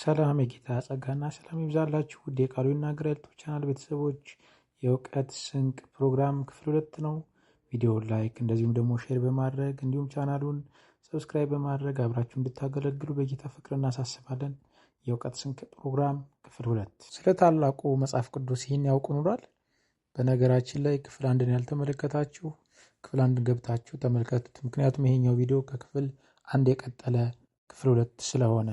ሰላም የጌታ ጸጋና ሰላም ይብዛላችሁ ውድ የቃሉ ይናገራል ዩቱብ ቻናል ቤተሰቦች የእውቀት ስንቅ ፕሮግራም ክፍል ሁለት ነው። ቪዲዮውን ላይክ እንደዚሁም ደግሞ ሼር በማድረግ እንዲሁም ቻናሉን ሰብስክራይብ በማድረግ አብራችሁ እንድታገለግሉ በጌታ ፍቅር እናሳስባለን። የእውቀት ስንቅ ፕሮግራም ክፍል ሁለት ስለ ታላቁ መጽሐፍ ቅዱስ ይህን ያውቁ ኑሯል። በነገራችን ላይ ክፍል አንድን ያልተመለከታችሁ ክፍል አንድን ገብታችሁ ተመልከቱት። ምክንያቱም ይሄኛው ቪዲዮ ከክፍል አንድ የቀጠለ ክፍል ሁለት ስለሆነ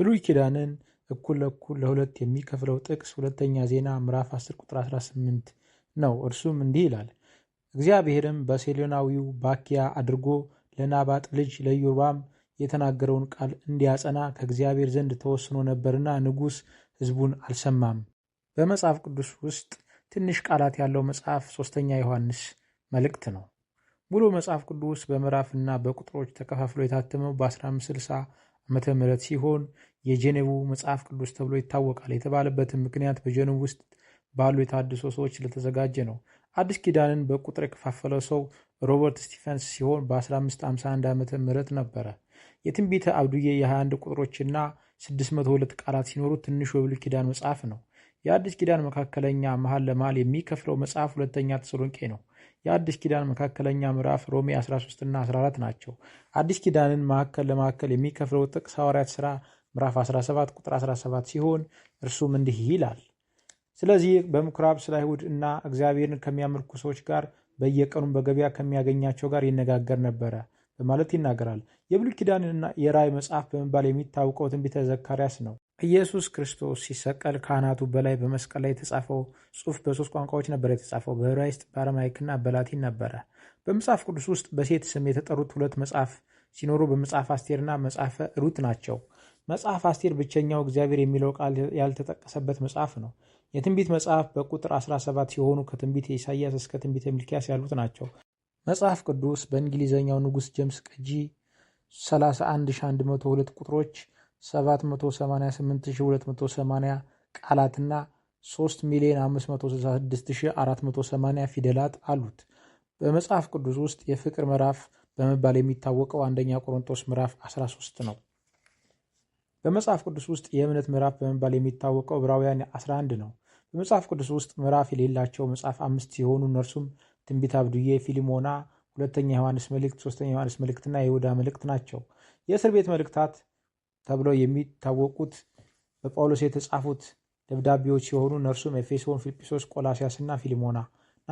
ብሉይ ኪዳንን እኩል ለእኩል ለሁለት የሚከፍለው ጥቅስ ሁለተኛ ዜና ምዕራፍ 10 ቁጥር 18 ነው። እርሱም እንዲህ ይላል፣ እግዚአብሔርም በሴሎናዊው ባኪያ አድርጎ ለናባጥ ልጅ ለኢዮርባም የተናገረውን ቃል እንዲያጸና ከእግዚአብሔር ዘንድ ተወስኖ ነበርና ንጉሥ ሕዝቡን አልሰማም። በመጽሐፍ ቅዱስ ውስጥ ትንሽ ቃላት ያለው መጽሐፍ ሦስተኛ ዮሐንስ መልእክት ነው። ሙሉ መጽሐፍ ቅዱስ በምዕራፍና በቁጥሮች ተከፋፍሎ የታተመው በ1560 ዓ.ም ሲሆን የጄኔቭ መጽሐፍ ቅዱስ ተብሎ ይታወቃል የተባለበትን ምክንያት በጄኔቭ ውስጥ ባሉ የታድሶ ሰዎች ስለተዘጋጀ ነው። አዲስ ኪዳንን በቁጥር የከፋፈለው ሰው ሮበርት ስቲፈንስ ሲሆን በ1551 ዓመተ ምህረት ነበረ። የትንቢተ አብዱዬ የ21 ቁጥሮችና 602 ቃላት ሲኖሩት ትንሹ የብሉይ ኪዳን መጽሐፍ ነው። የአዲስ ኪዳን መካከለኛ መሃል ለመሃል የሚከፍለው መጽሐፍ ሁለተኛ ተሰሎንቄ ነው። የአዲስ ኪዳን መካከለኛ ምዕራፍ ሮሜ 13 እና 14 ናቸው። አዲስ ኪዳንን ማዕከል ለማዕከል የሚከፍለው ጥቅስ ሐዋርያት ሥራ ምዕራፍ 17 ቁጥር 17 ሲሆን እርሱም እንዲህ ይላል፣ ስለዚህ በምኩራብ ስለ አይሁድ እና እግዚአብሔርን ከሚያመልኩ ሰዎች ጋር በየቀኑም በገበያ ከሚያገኛቸው ጋር ይነጋገር ነበረ በማለት ይናገራል። የብሉይ ኪዳንና የራይ መጽሐፍ በመባል የሚታወቀው ትንቢተ ዘካርያስ ነው። ኢየሱስ ክርስቶስ ሲሰቀል ካህናቱ በላይ በመስቀል ላይ የተጻፈው ጽሑፍ በሶስት ቋንቋዎች ነበር የተጻፈው፣ በዕብራይስጥ በአረማይክና በላቲን ነበረ። በመጽሐፍ ቅዱስ ውስጥ በሴት ስም የተጠሩት ሁለት መጽሐፍ ሲኖሩ በመጽሐፍ አስቴርና መጽሐፈ ሩት ናቸው። መጽሐፍ አስቴር ብቸኛው እግዚአብሔር የሚለው ቃል ያልተጠቀሰበት መጽሐፍ ነው። የትንቢት መጽሐፍ በቁጥር 17 ሲሆኑ ከትንቢት የኢሳይያስ እስከ ትንቢት ሚልኪያስ ያሉት ናቸው። መጽሐፍ ቅዱስ በእንግሊዝኛው ንጉሥ ጀምስ ቅጂ 31102 ቁጥሮች 788280 ቃላትና 3566480 ፊደላት አሉት። በመጽሐፍ ቅዱስ ውስጥ የፍቅር ምዕራፍ በመባል የሚታወቀው አንደኛ ቆሮንቶስ ምዕራፍ 13 ነው። በመጽሐፍ ቅዱስ ውስጥ የእምነት ምዕራፍ በመባል የሚታወቀው ዕብራውያን 11 ነው። በመጽሐፍ ቅዱስ ውስጥ ምዕራፍ የሌላቸው መጽሐፍ አምስት ሲሆኑ እነርሱም ትንቢት አብዱዬ፣ ፊሊሞና ሁለተኛ ዮሐንስ መልእክት፣ ሶስተኛ ዮሐንስ መልእክትና የይሁዳ መልእክት ናቸው። የእስር ቤት መልእክታት ተብለው የሚታወቁት በጳውሎስ የተጻፉት ደብዳቤዎች ሲሆኑ እነርሱም ኤፌሶን፣ ፊልጵሶስ፣ ቆላሲያስና ፊሊሞና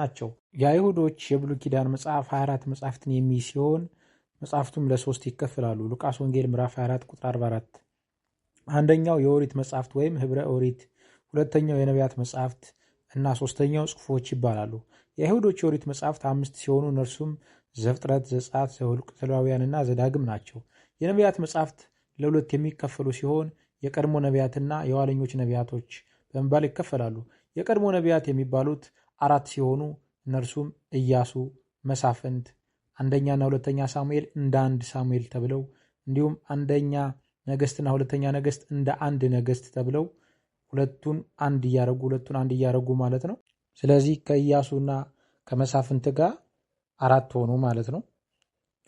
ናቸው። የአይሁዶች የብሉይ ኪዳን መጽሐፍ 24 መጽሐፍትን የሚይዝ ሲሆን መጽሐፍቱም ለሶስት ይከፍላሉ። ሉቃስ ወንጌል ምዕራፍ 24 ቁጥር 44 አንደኛው የኦሪት መጽሐፍት ወይም ህብረ ኦሪት፣ ሁለተኛው የነቢያት መጽሐፍት እና ሶስተኛው ጽሑፎች ይባላሉ። የአይሁዶች የኦሪት መጽሐፍት አምስት ሲሆኑ እነርሱም ዘፍጥረት፣ ዘጸአት፣ ዘኍልቍ፣ ዘሌዋውያንና ዘዳግም ናቸው። የነቢያት መጽሐፍት ለሁለት የሚከፈሉ ሲሆን የቀድሞ ነቢያትና የኋለኞች ነቢያቶች በመባል ይከፈላሉ። የቀድሞ ነቢያት የሚባሉት አራት ሲሆኑ እነርሱም ኢያሱ፣ መሳፍንት፣ አንደኛና ሁለተኛ ሳሙኤል እንደ አንድ ሳሙኤል ተብለው እንዲሁም አንደኛ ነገስትና ሁለተኛ ነገስት እንደ አንድ ነገስት ተብለው ሁለቱን አንድ እያረጉ ሁለቱን አንድ እያረጉ ማለት ነው። ስለዚህ ከኢያሱና ከመሳፍንት ጋር አራት ሆኑ ማለት ነው።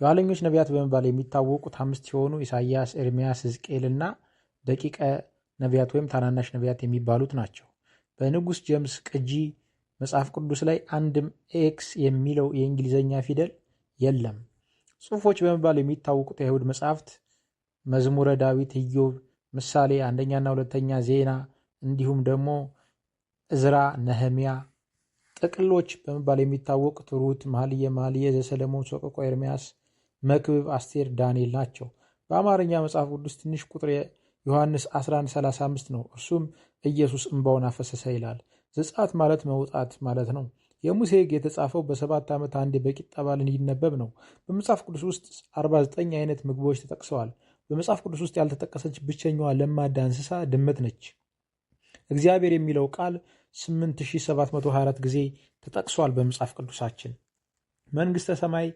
የኋለኞች ነቢያት በመባል የሚታወቁት አምስት ሲሆኑ ኢሳያስ ኤርሚያስ፣ ሕዝቅኤልና ደቂቀ ነቢያት ወይም ታናናሽ ነቢያት የሚባሉት ናቸው። በንጉስ ጀምስ ቅጂ መጽሐፍ ቅዱስ ላይ አንድም ኤክስ የሚለው የእንግሊዝኛ ፊደል የለም። ጽሁፎች በመባል የሚታወቁት የአይሁድ መጽሐፍት መዝሙረ ዳዊት፣ ኢዮብ፣ ምሳሌ አንደኛና ሁለተኛ ዜና እንዲሁም ደግሞ እዝራ፣ ነህሚያ ጥቅሎች በመባል የሚታወቁት ሩት፣ መኃልየ መኃልየ ዘሰለሞን፣ ሰቆቃወ ኤርምያስ፣ መክብብ፣ አስቴር፣ ዳንኤል ናቸው። በአማርኛ መጽሐፍ ቅዱስ ትንሽ ቁጥር ዮሐንስ 11:35 ነው። እርሱም ኢየሱስ እምባውን አፈሰሰ ይላል። ዘጸአት ማለት መውጣት ማለት ነው። የሙሴ ሕግ የተጻፈው በሰባት ዓመት አንዴ በቂጣ በዓል እንዲነበብ ነው። በመጽሐፍ ቅዱስ ውስጥ 49 አይነት ምግቦች ተጠቅሰዋል። በመጽሐፍ ቅዱስ ውስጥ ያልተጠቀሰች ብቸኛዋ ለማዳ እንስሳ ድመት ነች። እግዚአብሔር የሚለው ቃል 8724 ጊዜ ተጠቅሷል በመጽሐፍ ቅዱሳችን። መንግሥተ ሰማይ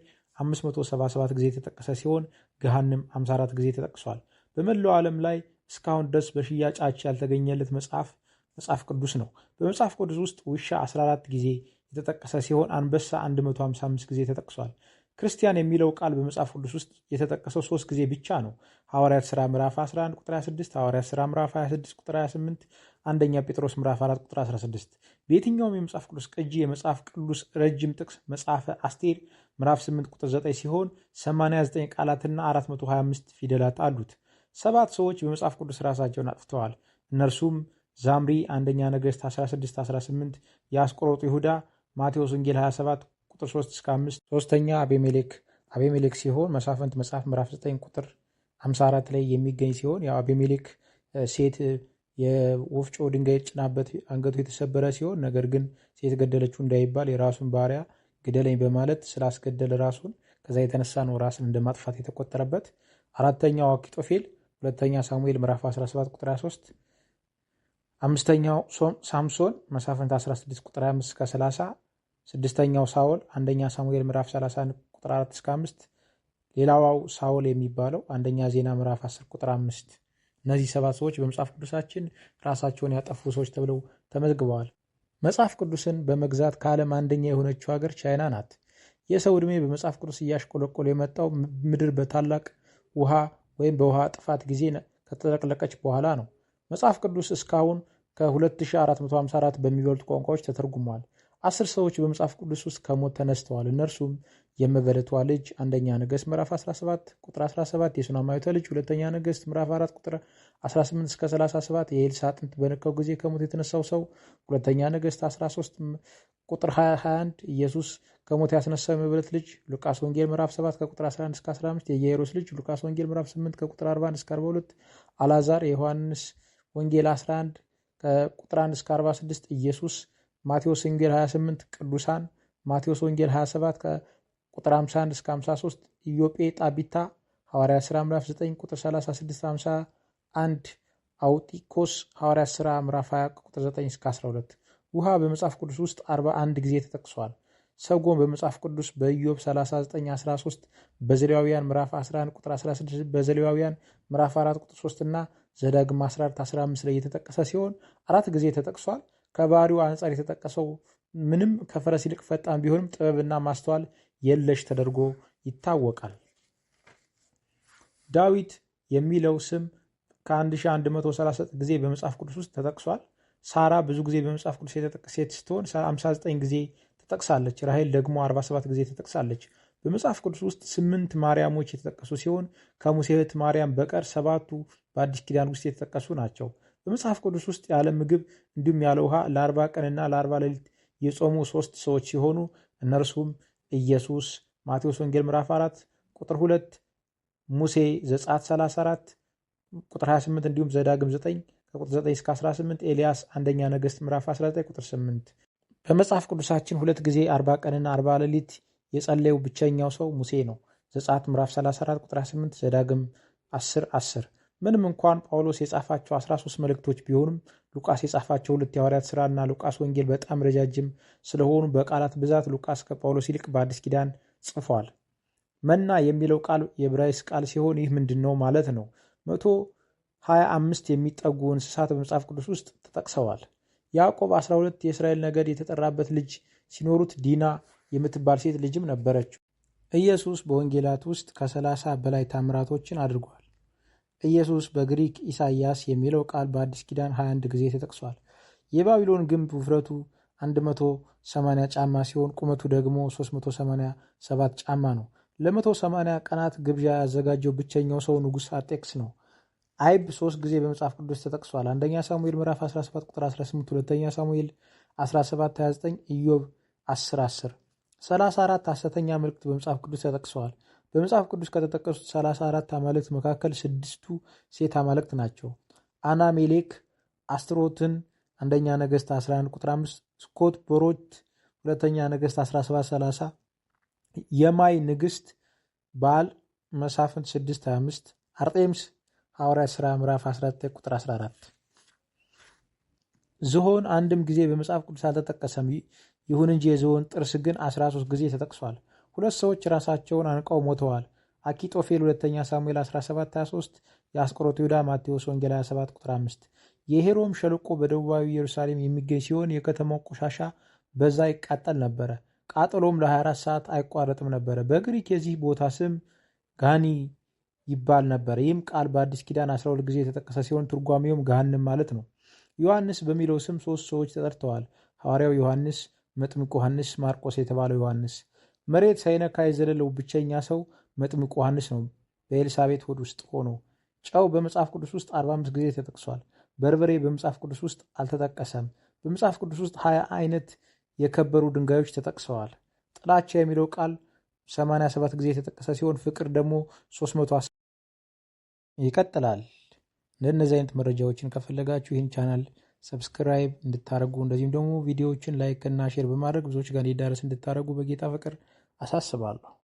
577 ጊዜ የተጠቀሰ ሲሆን ገሃንም 54 ጊዜ ተጠቅሷል። በመላው ዓለም ላይ እስካሁን ድረስ በሽያጫች ያልተገኘለት መጽሐፍ መጽሐፍ ቅዱስ ነው። በመጽሐፍ ቅዱስ ውስጥ ውሻ 14 ጊዜ የተጠቀሰ ሲሆን አንበሳ 155 ጊዜ ተጠቅሷል። ክርስቲያን የሚለው ቃል በመጽሐፍ ቅዱስ ውስጥ የተጠቀሰው ሶስት ጊዜ ብቻ ነው። ሐዋርያት ሥራ ምዕራፍ 11 ቁጥር 26፣ ሐዋርያት ሥራ ምዕራፍ 26 ቁጥር 28፣ አንደኛ ጴጥሮስ ምዕራፍ 4 ቁጥር 16። በየትኛውም የመጽሐፍ ቅዱስ ቅጂ የመጽሐፍ ቅዱስ ረጅም ጥቅስ መጽሐፈ አስቴር ምዕራፍ 8 ቁጥር 9 ሲሆን 89 ቃላትና 425 ፊደላት አሉት። ሰባት ሰዎች በመጽሐፍ ቅዱስ ራሳቸውን አጥፍተዋል። እነርሱም ዛምሪ፣ አንደኛ ነገሥት 16 18፣ የአስቆሮጡ ይሁዳ፣ ማቴዎስ ወንጌል 27 ቁጥር 3 እስከ 5 ሶስተኛ አቤሜሌክ አቤሜሌክ ሲሆን መሳፍንት መጽሐፍ ምዕራፍ 9 ቁጥር 54 ላይ የሚገኝ ሲሆን ያው አቤሜሌክ ሴት የወፍጮ ድንጋይ ጭናበት አንገቱ የተሰበረ ሲሆን ነገር ግን ሴት ገደለችው እንዳይባል የራሱን ባሪያ ግደለኝ በማለት ስላስገደለ ራሱን ከዛ የተነሳ ነው ራስን እንደ ማጥፋት የተቆጠረበት። አራተኛው አኪጦፌል፣ ሁለተኛ ሳሙኤል ምዕራፍ 17 ቁጥር 23፣ አምስተኛው ሳምሶን መሳፍንት 16 ቁጥር 25 እስከ 30፣ ስድስተኛው ሳውል አንደኛ ሳሙኤል ምዕራፍ 31 ቁጥር 4 እስከ 5፣ ሌላዋው ሳውል የሚባለው አንደኛ ዜና ምዕራፍ 10 ቁጥር 5። እነዚህ ሰባት ሰዎች በመጽሐፍ ቅዱሳችን ራሳቸውን ያጠፉ ሰዎች ተብለው ተመዝግበዋል። መጽሐፍ ቅዱስን በመግዛት ከዓለም አንደኛ የሆነችው ሀገር ቻይና ናት። የሰው ዕድሜ በመጽሐፍ ቅዱስ እያሽቆለቆለ የመጣው ምድር በታላቅ ውሃ ወይም በውሃ ጥፋት ጊዜ ከተጠለቀለቀች በኋላ ነው። መጽሐፍ ቅዱስ እስካሁን ከ2454 በሚበልጡ ቋንቋዎች ተተርጉሟል። አስር ሰዎች በመጽሐፍ ቅዱስ ውስጥ ከሞት ተነስተዋል። እነርሱም የመበለቷ ልጅ አንደኛ ነገሥት ምዕራፍ 17 ቁጥር 17፣ የሱናማዊቷ ልጅ ሁለተኛ ነገሥት ምዕራፍ 4 ቁጥር 18 እስከ 37፣ የኤልሳዕ አጥንት በነካው ጊዜ ከሞት የተነሳው ሰው ሁለተኛ ነገሥት 13 ቁጥር 21፣ ኢየሱስ ከሞት ያስነሳው የመበለት ልጅ ሉቃስ ወንጌል ምዕራፍ 7 ከቁጥር 11 እስከ 15፣ የኢያይሮስ ልጅ ሉቃስ ወንጌል ምዕራፍ 8 ከቁጥር 41 እስከ 42፣ አላዛር የዮሐንስ ወንጌል 11 ከቁጥር 1 እስከ 46፣ ኢየሱስ ማቴዎስ ወንጌል 28 ቅዱሳን ማቴዎስ ወንጌል 27 ቁጥር 51 እስከ 53 ኢዮጴ ጣቢታ ሐዋርያ ሥራ ምዕራፍ 9 ቁጥር 36 51 አውጢኮስ ሐዋርያ ሥራ ምዕራፍ 20 ቁጥር 9 እስከ 12 ውሃ በመጽሐፍ ቅዱስ ውስጥ 41 ጊዜ ተጠቅሷል። ሰጎን በመጽሐፍ ቅዱስ በኢዮብ 3913 በዘሌዋውያን ምዕራፍ 11 ቁጥር 16 በዘሌዋውያን ምዕራፍ 4 ቁጥር 3 እና ዘዳግም 14፥15 ላይ የተጠቀሰ ሲሆን አራት ጊዜ ተጠቅሷል። ከባህሪው አንጻር የተጠቀሰው ምንም ከፈረስ ይልቅ ፈጣን ቢሆንም ጥበብና ማስተዋል የለሽ ተደርጎ ይታወቃል። ዳዊት የሚለው ስም ከ1139 ጊዜ በመጽሐፍ ቅዱስ ውስጥ ተጠቅሷል። ሳራ ብዙ ጊዜ በመጽሐፍ ቅዱስ ሴት ስትሆን 59 ጊዜ ተጠቅሳለች። ራሄል ደግሞ 47 ጊዜ ተጠቅሳለች። በመጽሐፍ ቅዱስ ውስጥ ስምንት ማርያሞች የተጠቀሱ ሲሆን ከሙሴ እህት ማርያም በቀር ሰባቱ በአዲስ ኪዳን ውስጥ የተጠቀሱ ናቸው። በመጽሐፍ ቅዱስ ውስጥ ያለ ምግብ እንዲሁም ያለ ውሃ ለአርባ ቀንና ለአርባ ሌሊት የጾሙ ሶስት ሰዎች ሲሆኑ እነርሱም ኢየሱስ ማቴዎስ ወንጌል ምዕራፍ 4 ቁጥር 2 ሙሴ ዘጸአት 34 ቁጥር 28 እንዲሁም ዘዳግም 9 ከቁጥር 9 እስከ 18 ኤልያስ አንደኛ ነገሥት ምዕራፍ 19 ቁጥር 8 በመጽሐፍ ቅዱሳችን ሁለት ጊዜ አርባ ቀንና አርባ ሌሊት የጸለየው ብቸኛው ሰው ሙሴ ነው። ዘጸአት ምዕራፍ 34 ቁጥር 28 ዘዳግም 10 10 ምንም እንኳን ጳውሎስ የጻፋቸው 13 መልእክቶች ቢሆኑም ሉቃስ የጻፋቸው ሁለት የሐዋርያት ሥራና ሉቃስ ወንጌል በጣም ረጃጅም ስለሆኑ በቃላት ብዛት ሉቃስ ከጳውሎስ ይልቅ በአዲስ ኪዳን ጽፏል። መና የሚለው ቃል የብራይስ ቃል ሲሆን ይህ ምንድን ነው ማለት ነው። መቶ 25 የሚጠጉ እንስሳት በመጽሐፍ ቅዱስ ውስጥ ተጠቅሰዋል። ያዕቆብ 12 የእስራኤል ነገድ የተጠራበት ልጅ ሲኖሩት ዲና የምትባል ሴት ልጅም ነበረችው። ኢየሱስ በወንጌላት ውስጥ ከሰላሳ በላይ ታምራቶችን አድርጓል። ኢየሱስ በግሪክ ኢሳይያስ የሚለው ቃል በአዲስ ኪዳን 21 ጊዜ ተጠቅሷል። የባቢሎን ግንብ ውፍረቱ 180 ጫማ ሲሆን ቁመቱ ደግሞ 387 ጫማ ነው። ለ180 ቀናት ግብዣ ያዘጋጀው ብቸኛው ሰው ንጉሥ አርጤክስ ነው። አይብ ሶስት ጊዜ በመጽሐፍ ቅዱስ ተጠቅሷል። አንደኛ ሳሙኤል ምዕራፍ 17 ቁጥር 18፣ ሁለተኛ ሳሙኤል 17 29፣ ኢዮብ 10 10። 34 ሐሰተኛ ምልክት በመጽሐፍ ቅዱስ ተጠቅሰዋል። በመጽሐፍ ቅዱስ ከተጠቀሱት 34 አራት አማልክት መካከል ስድስቱ ሴት አማልክት ናቸው። አና ሜሌክ አስትሮትን አንደኛ ነገሥት 11 ቁጥር 5፣ ስኮት ቦሮት ሁለተኛ ነገሥት 1730፣ የማይ ንግሥት ባል መሳፍንት 625፣ አርጤምስ ሐዋርያ ሥራ ምዕራፍ 19 ቁጥር 14። ዝሆን አንድም ጊዜ በመጽሐፍ ቅዱስ አልተጠቀሰም። ይሁን እንጂ የዝሆን ጥርስ ግን 13 ጊዜ ተጠቅሷል። ሁለት ሰዎች ራሳቸውን አንቀው ሞተዋል። አኪጦፌል ሁለተኛ ሳሙኤል 1723 የአስቆሮቱ ይሁዳ ማቴዎስ ወንጌል 27 ቁጥር 5። የሄሮም ሸለቆ በደቡባዊ ኢየሩሳሌም የሚገኝ ሲሆን የከተማው ቆሻሻ በዛ ይቃጠል ነበረ። ቃጠሎም ለ24 ሰዓት አይቋረጥም ነበረ። በግሪክ የዚህ ቦታ ስም ጋኒ ይባል ነበር። ይህም ቃል በአዲስ ኪዳን 12 ጊዜ የተጠቀሰ ሲሆን ትርጓሜውም ገሃንም ማለት ነው። ዮሐንስ በሚለው ስም ሶስት ሰዎች ተጠርተዋል። ሐዋርያው ዮሐንስ፣ መጥምቅ ዮሐንስ፣ ማርቆስ የተባለው ዮሐንስ መሬት ሳይነካ የዘለለው ብቸኛ ሰው መጥምቅ ዮሐንስ ነው። በኤልሳቤት ሆድ ውስጥ ሆኖ ጨው በመጽሐፍ ቅዱስ ውስጥ 45 ጊዜ ተጠቅሷል። በርበሬ በመጽሐፍ ቅዱስ ውስጥ አልተጠቀሰም። በመጽሐፍ ቅዱስ ውስጥ 20 አይነት የከበሩ ድንጋዮች ተጠቅሰዋል። ጥላቻ የሚለው ቃል 87 ጊዜ የተጠቀሰ ሲሆን ፍቅር ደግሞ 310 ይቀጥላል። እንደነዚህ አይነት መረጃዎችን ከፈለጋችሁ ይህን ቻናል ሰብስክራይብ እንድታደርጉ እንደዚሁም ደግሞ ቪዲዮዎችን ላይክ እና ሼር በማድረግ ብዙዎች ጋር እንዲዳረስ እንድታደርጉ በጌታ ፍቅር accessible